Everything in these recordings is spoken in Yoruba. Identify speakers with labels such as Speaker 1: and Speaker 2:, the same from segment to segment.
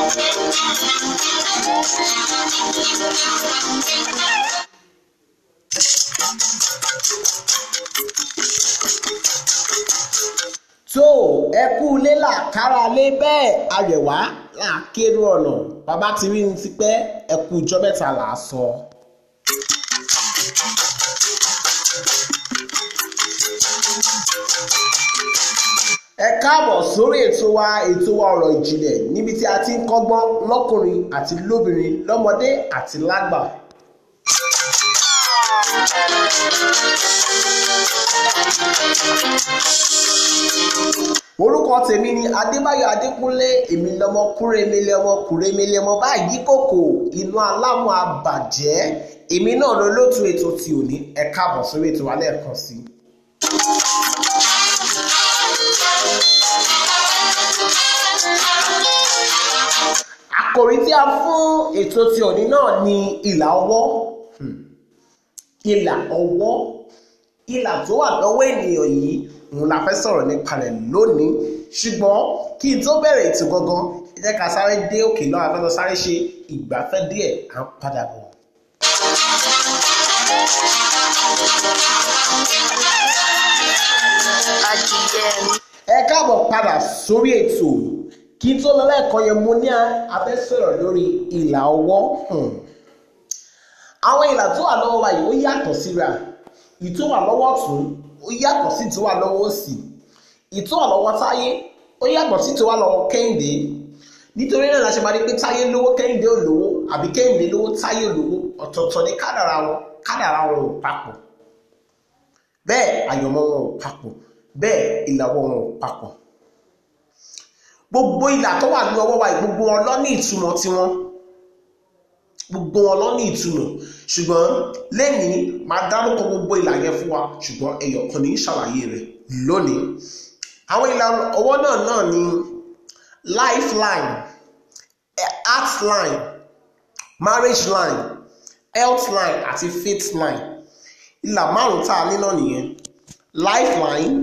Speaker 1: tó ẹ kú ilé làkàrà lé bẹ́ẹ̀ àrẹ̀wá làkèrò ọ̀nà bàbá tí rí ń tipẹ́ ẹ kú ìjọ mẹ́ta là So. káàbọ̀ sórí ètò wa ètò wa ọ̀rọ̀ ìjìnlẹ̀ níbi tí a ti ń kọ́gbọ́n lọ́kùnrin àti lóbìnrin lọ́mọdé àti lágbà. orúkọ tèmi ni adébáyọ̀ adékúnlé èmi lọmọ kúrèmílẹ̀ ọmọ kúrèmílẹ̀ ọmọ báyìí kòkò inú aláwọ̀ àbàjẹ́ èmi náà lọ lótú ètò tí ò ní ẹ káàbọ̀ sórí ètò wa lẹ́ẹ̀kan sí i. àkòrí tí a fún ètò ti òní náà ni ìlà ọwọ́ hmm. ìlà ọwọ́ ìlà tó wà lọ́wọ́ ènìyàn yìí òun la fẹ́ sọ̀rọ̀ nípa rẹ̀ lónìí ṣùgbọ́n kí n tó bẹ̀rẹ̀ ètò gangan ẹ jẹ́ ká sáré dé òkè lọ́wọ́ a fẹ́ lọ sáré ṣe ìgbafẹ́ díẹ̀ à ń padà bọ̀. adìyẹ mi. ẹ káàbọ̀ padà sórí ètò kí tó lọ lẹ́ẹ̀kan yẹn mo ní abẹ́ sọ̀rọ̀ lórí ìlà ọwọ́ hmm. àwọn ìlà tó wà lọ́wọ́ wa yìí ó yàtọ̀ síra ìtò wà lọ́wọ́ ọ̀tún ó yàtọ̀ sí ìtò wà lọ́wọ́ òsì ìtò wà lọ́wọ́ táyé ó yàtọ̀ sí ìtò wà lọ́wọ́ kẹ́hìndé nítorí náà la ṣe máa rí pé táyé lówó kẹ́hìndé ò lówó àbí kẹ́hìndé lówó táyé ò lówó ọ̀tọ̀ọ̀tọ̀ ni kádàrà wọn kádàrà wọn ò papọ̀ bẹ́ẹ̀ àyọ̀mọ́ wọn ò papọ̀ bẹ́ẹ̀ ìlàwọ́ wọn ò papọ̀ gbogbo ìlà tó wà ní ọwọ́ wa gbogbo wọn lọ ní ìtumọ̀ tiwọn gbogbo wọn lọ ní ìtumọ̀ ṣùgbọ́n lẹ́yìn máa dárúkọ gbogbo ìlà yẹn fún wa ṣùgbọ́n ẹyọ kan ní ṣàlàyé rẹ̀ lónìí àwọn ìlà ọwọ́ náà náà ni lifeline heart line marriage line health line àti faith line ìlà márùn-ún tá a ní náà nìyẹn lifeline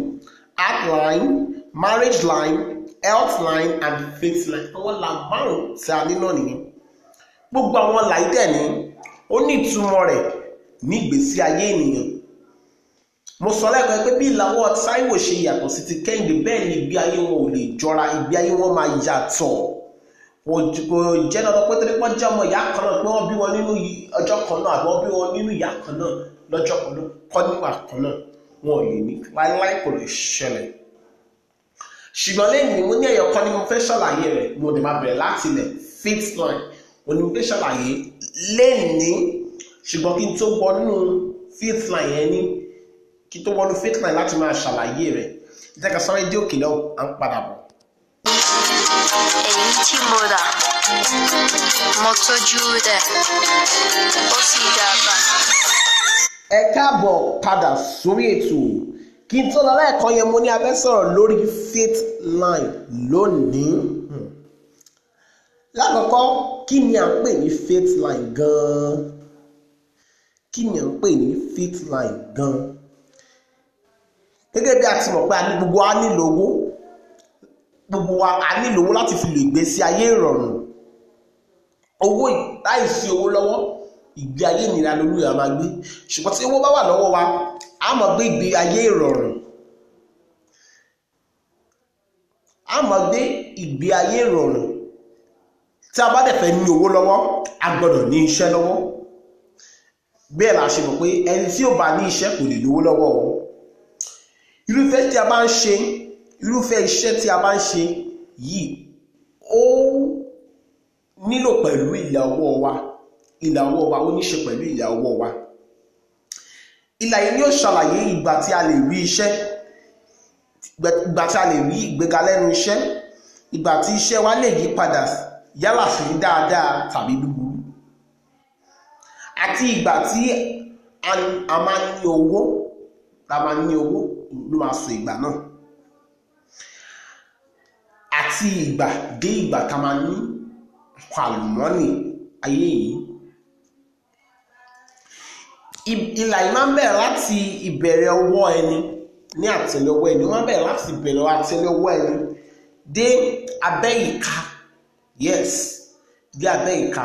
Speaker 1: heart line marriage line health line and faith line àwọn làá márùn tí a ní náà nìyẹn gbogbo àwọn làá dẹ̀ ní ó ní ìtumọ̀ rẹ̀ ní ìgbésí ayé ènìyàn mo sọ lẹ́ẹ̀kan pé bí ìlàwọ́ Táíwò ṣe yàtọ̀ sí ti Kẹ́hìndé bẹ́ẹ̀ ni ìgbé ayé wọn ò lè jọra ìgbé ayé wọn máa yàtọ̀ kò jẹ́ dandan pé torí wọ́n jẹ́ ọmọ ìyá kan náà pé wọ́n bí wọn nínú ọjọ́ kan náà àbí wọ́n bí wọn nínú ìyá kan náà lọ́jọ́ kan náà kọ́ níwà kan náà wọn ò lè ní láíláí kò lè ṣẹlẹ̀ ṣùgbọ́n lẹ́yìn mo ní ẹ̀yọ̀ kan ni mo fẹ́ ṣàlàyé rẹ̀ mo dẹ̀ máa bẹ̀rẹ̀ láti ilẹ̀ fifth line mo ní mo fẹ́ ṣàlàyé lẹ́ẹ̀ni ṣùgbọ́n kí n tó wọnú fifth line yẹn ní kí n tó wọnú fifth line láti máa ṣàlàyé rẹ̀ jẹ́ ká sáré dé òkè náà à ń padà bọ̀. èyí tí mo rà mo tọ́jú rẹ̀ ó sì dábàá. ẹ káàbọ̀ padà sórí ètò kí n tó lọ lẹ́ẹ̀kan yẹn mo ní a fẹ́ sọ̀rọ̀ lórí faith line lónìí hmm. lákọ̀ọ́kọ́ kí ni à ń pè ní faith line gan-an kí ni à ń pè ní faith line gan-an gẹ́gẹ́ bí a ti mọ̀ pé a ní gbogbo wa nílò owó gbogbo wa a nílò owó láti fi lè gbé sí ayé ìrọ̀rùn owó láìsí owó lọ́wọ́ ìgbé ayé ìnira lórí àmà gbé ṣùgbọ́n tí owó bá wà lọ́wọ́ wa a máa gbé ìgbé ayé ìrọ̀rùn a máa gbé ìgbé ayé ìrọ̀rùn tí a bá dẹ̀ ní owó lọ́wọ́ a gbọ́dọ̀ ní iṣẹ́ lọ́wọ́ bẹ́ẹ̀ la ṣe mọ̀ pé ẹni tí ò bá ní iṣẹ́ kò lè lówó lọ́wọ́ o irúfẹ́ tí a bá ń ṣe irúfẹ́ iṣẹ́ tí a bá ń ṣe yìí ó nílò pẹ̀lú ìlà ọwọ́ wa ìlà ọwọ́ wa ó níṣe pẹ̀lú ìlà ọwọ́ wa ìlà yìí ni ó ṣàlàyé ìgbà tí a lè rí iṣẹ́ ìgbà tí a lè rí ìgbéga lẹ́nu iṣẹ́ ìgbà tí iṣẹ́ wa lè yí padà yálà sí dáadáa tàbí búburú àti ìgbà tí a máa ní owó la máa ní owó ló máa sọ ìgbà náà àti ìgbà dé ìgbà tá a máa ní pàlùmọ́nì ayé yìí ìlà yìí máa ń bẹ̀rẹ̀ láti ìbẹ̀rẹ̀ ọwọ́ ẹni ní àtẹ́lẹwọ́ ẹni ó máa ń bẹ̀rẹ̀ láti ìbẹ̀rẹ̀ àtẹ́lẹwọ́ ẹni dé abẹ́ ìka yes dé abẹ́ ìka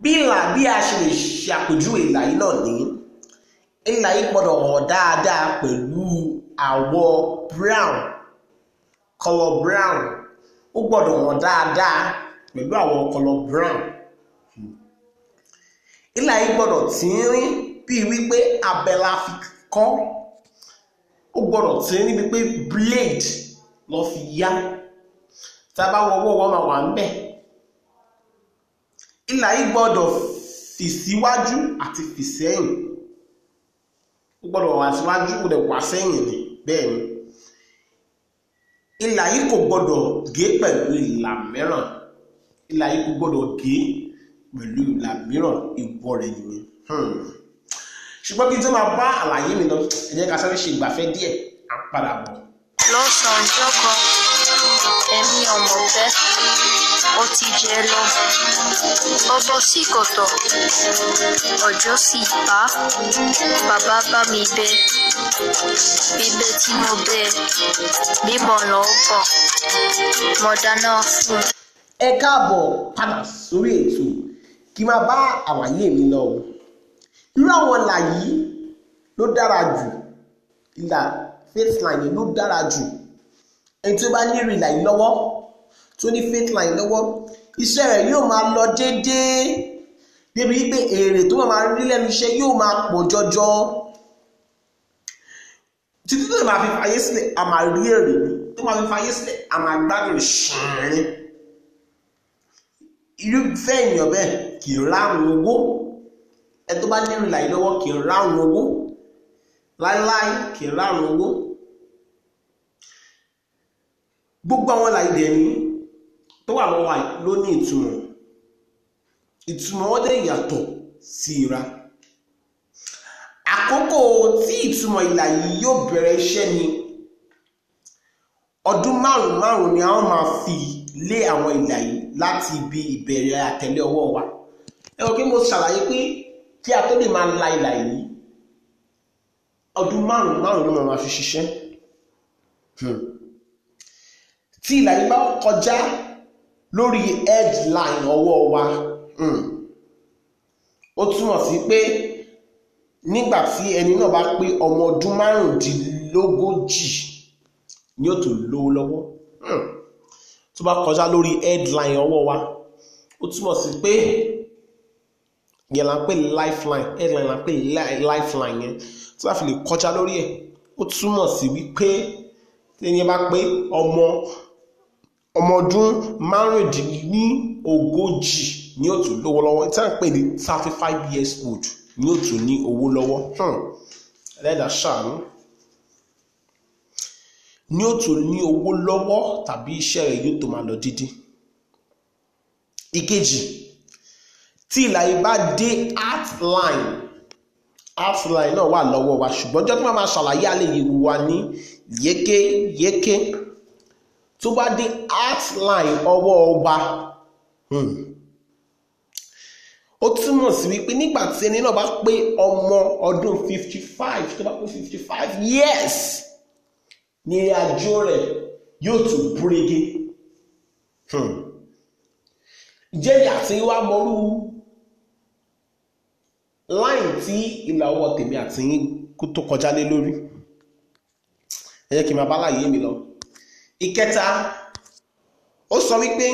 Speaker 1: bí ìlà bí a ṣe lè ṣàpèjúwe ìlà yìí náà ní ìlà yìí gbọ́dọ̀ hàn dáadáa pẹ̀lú àwọ̀ brown color brown ó gbọ́dọ̀ hàn dáadáa pẹ̀lú àwọ̀ color brown ilà yìí gbọ́dọ̀ tínrín bíi wípé abẹ́là fi kọ́ ó gbọ́dọ̀ tínrín bíi pé blade lọ fi yá tábà wọwọ́ wọn máa wà ń bẹ̀ ilà yìí gbọ́dọ̀ fì síwájú àti fì sẹ́yìn ó gbọ́dọ̀ wà síwájú ó dẹ̀ wà sẹ́yìn ni bẹ́ẹ̀ ni ilà yìí kò gbọ́dọ̀ gé pẹ̀lú ìlà mìíràn ilà yìí kò gbọ́dọ̀ gé pẹ̀lú ìlà mìíràn ìwọ rẹ̀ nìyẹn hmm. ṣùgbọ́n kí n tó máa bá àlàyé mi lọ ẹ ká sáré ṣe ìgbafẹ́ díẹ̀ à padà bọ̀. lọ́sàn-án ọjọ́ kan ẹ̀mí ọmọ fẹ́ ó ti jẹ lọ ó bọ́ sí kọ̀tọ̀ ọjọ́ sì bá bàbá bá mi bẹ bíbẹ tí mo bẹ bíbọ lọ bọ mo dáná fún. ẹ káàbọ̀ padà sórí ètò kí n máa bá àwáyé mi lọ o irú àwọn ìlà yìí ló dára jù ìlà faith line ló dára jù ẹni tó bá ní ìrìnlà yìí lọ́wọ́ tó ní faith line lọ́wọ́ iṣẹ́ rẹ̀ yóò máa lọ déédéé débi wípé èrè tó máa rí lẹ́nu iṣẹ́ yóò máa pọ̀ jọjọ títí tó máa fi fàyè sílẹ̀ a rí èrè tó máa fi fàyè sílẹ̀ a máa gbádùn ṣìnrín irúfẹ́ èèyàn bẹ́ẹ̀ kì í ráhùn owó ẹ tó bá nírun ìlàyé lọ́wọ́ kì í ráhùn owó láíláí kì í ráhùn owó gbogbo àwọn ìlàyé dẹ̀ ní tó wà lọ́wọ́ ló ní ìtumọ̀ ìtumọ̀ wọn dẹ̀ yàtọ̀ sí ìra àkókò tí ìtumọ̀ ìlàyé yóò bẹ̀rẹ̀ iṣẹ́ ni ọdún márùn-ún márùn-ún ni a máa fi lé àwọn ìlàyé láti ibi ìbẹ̀rẹ̀ àtẹ̀lé ọwọ́ wa ẹ̀rọ kí mo ṣàlàyé pé kí a tó lè máa la ìlà yìí ọdún márùn-ún márùn-ún ló fi ṣiṣẹ́ hmm. tí ìlà yìí bá kọjá lórí headline ọwọ́ wa hmm, ó túmọ̀ sí pé nígbà tí ẹni náà bá pé ọmọ ọdún márùndínlógójì ni ó tó lówó lọ́wọ́ hmm. tó bá kọjá lórí headline ọwọ́ wa ó túmọ̀ sí pé yẹn la ń pè lifeline headline la ń pè lifeline yẹn tí wàá fi lè kọjá lórí ẹ̀ ó túmọ̀ sí wípé tẹ́ni bá pé ọmọ ọmọ ọdún márùndínlógójì ni ó tún lówó lọ́wọ́ tí wọ́n ń pè ní thirty five years old ni ó tún ní owó lọ́wọ́ hmm. ẹlẹ́dà ṣàánú ni ó tún ní owó lọ́wọ́ tàbí iṣẹ́ rẹ̀ yóò tó máa lọ dídí. ìkejì tí ìlà yìí bá dé outline outline náà wà lọ́wọ́ wa ṣùgbọ́n jọ́ tí wọ́n máa ṣàlàyé alẹ́ yìí wà ní yékéyéké tó bá dé outline ọwọ́ ọba hmm. ó túmọ̀ sí wípé nígbà tí ẹni náà bá pé ọmọ ọdún fifty five tó bá pé fifty five years ní àjò rẹ̀ yóò tún búrege hmm. jẹ́rìí àti wá mọ́rú láì tí ìlà ọwọ́ tèmi àti yín tó kọjá lé lórí ẹ jẹ́ kí n máa bá láàyè mi lọ. ìkẹta ó sọ wípé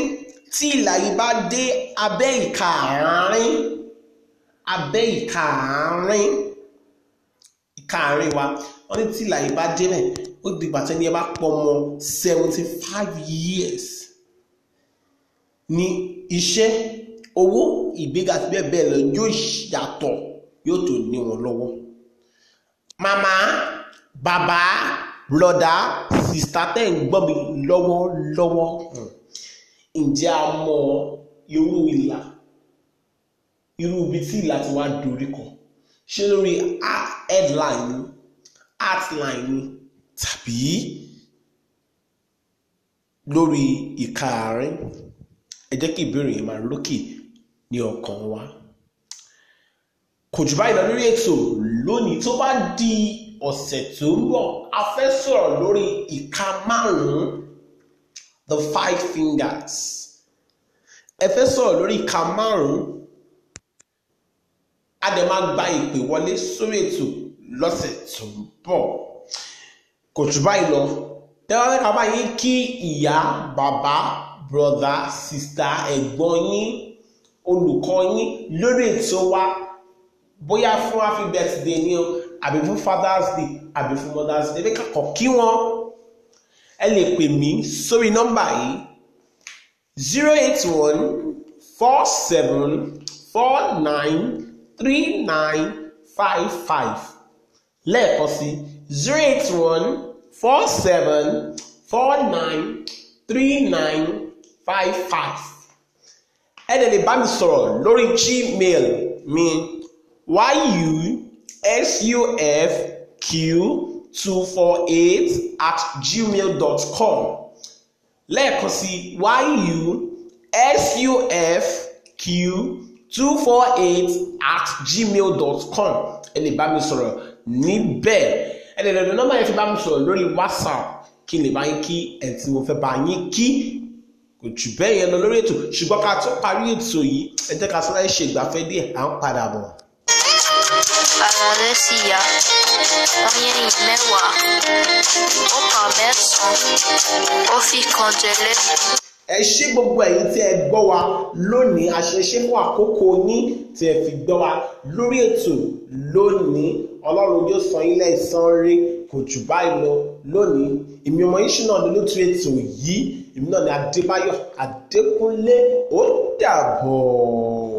Speaker 1: tí ìlà bá dé abẹ́ ìka àárín abẹ́ ìka àárín ìka àárín wa wọ́n ní tí ìlà yìí bá débẹ̀ ó di gbàtẹ́ ní ẹ bá pọ̀ mọ́ seventy five years ní iṣẹ́ owó ìgbéga àti bẹ́ẹ̀ bẹ́ẹ̀ lọ yóò yàtọ̀ yóò tó ní wọn lọ́wọ́ màmá bàbá lọ́dà sista tẹ́ ń gbọ́ mi lọ́wọ́lọ́wọ́ ǹjẹ́ a mọ irú ìlà irú ibi tí ìlà ti wá dorí kan ṣé lórí headline ni outline ni tàbí lórí ìka àárín ẹ jẹ́ kí ìbéèrè yẹn máa lókè ní ọkàn wa kò jù báyìí lọ lórí ètò lónìí tó bá di ọ̀sẹ̀ tó ń bọ̀ a fẹ́ sọ̀rọ̀ lórí ìka márùn-ún the five fingers ẹ fẹ́ sọ̀rọ̀ lórí ìka márùn-ún a dẹ̀ máa gba ìpè wọlé sórí ètò lọ́sẹ̀ tó ń bọ̀ kò jù báyìí lọ tẹ́wọ́n báyìí kí ìyá bàbá brother sister ẹ̀gbọ́n yín olùkọ́ yín lórí ètò wa bóyá fún happy birthday ni o àbí fún father's day àbí fún mother's day ẹ̀ka kọ̀ kí wọ́n ẹ lè pè mí sórí nọ́mbà yìí zero eight one four seven four nine three nine five five lẹ́ẹ̀kan sí zero eight one four seven four nine three nine five five ẹ lè lè bá mi sọ̀rọ̀ lórí gmail mi four eight at gmail dot com lẹ́ẹ̀kan sí yusufq248 at gmail dot com ẹ lè bá mi sọ̀rọ̀ níbẹ̀ ẹ lè lè lè nọ́mbà yẹn fi bá mi sọ̀rọ̀ lórí whatsapp kí n lè bá yín kí ẹ̀ tí mo fẹ́ bá kí kò jù bẹ́ẹ̀ yẹn lọ lórí ètò ṣùgbọ́n ká tó parí ètò yìí ẹ jẹ́ ká sáré ṣe ìgbafẹ́ díẹ̀ à ń padà bọ̀. àlọ́lé sì yá ọyẹ́ yìí mẹ́wàá ó kà mẹ́sàn-án ó fi kan jẹlé ẹ ṣé gbogbo ẹ̀yin tí ẹ gbọ́ wa lónìí àṣeṣe fún àkókò yín tí ẹ fi gbọ́ wa lórí ètò lónìí ọlọ́run yóò san ilé ìsan kò jù báyìí lọ lónìí ìmìọ̀mọ̀ yìí ṣìnà lótú ètò yìí èmi náà ni Adébáyọ̀ Adékúnlé ó dàbọ̀.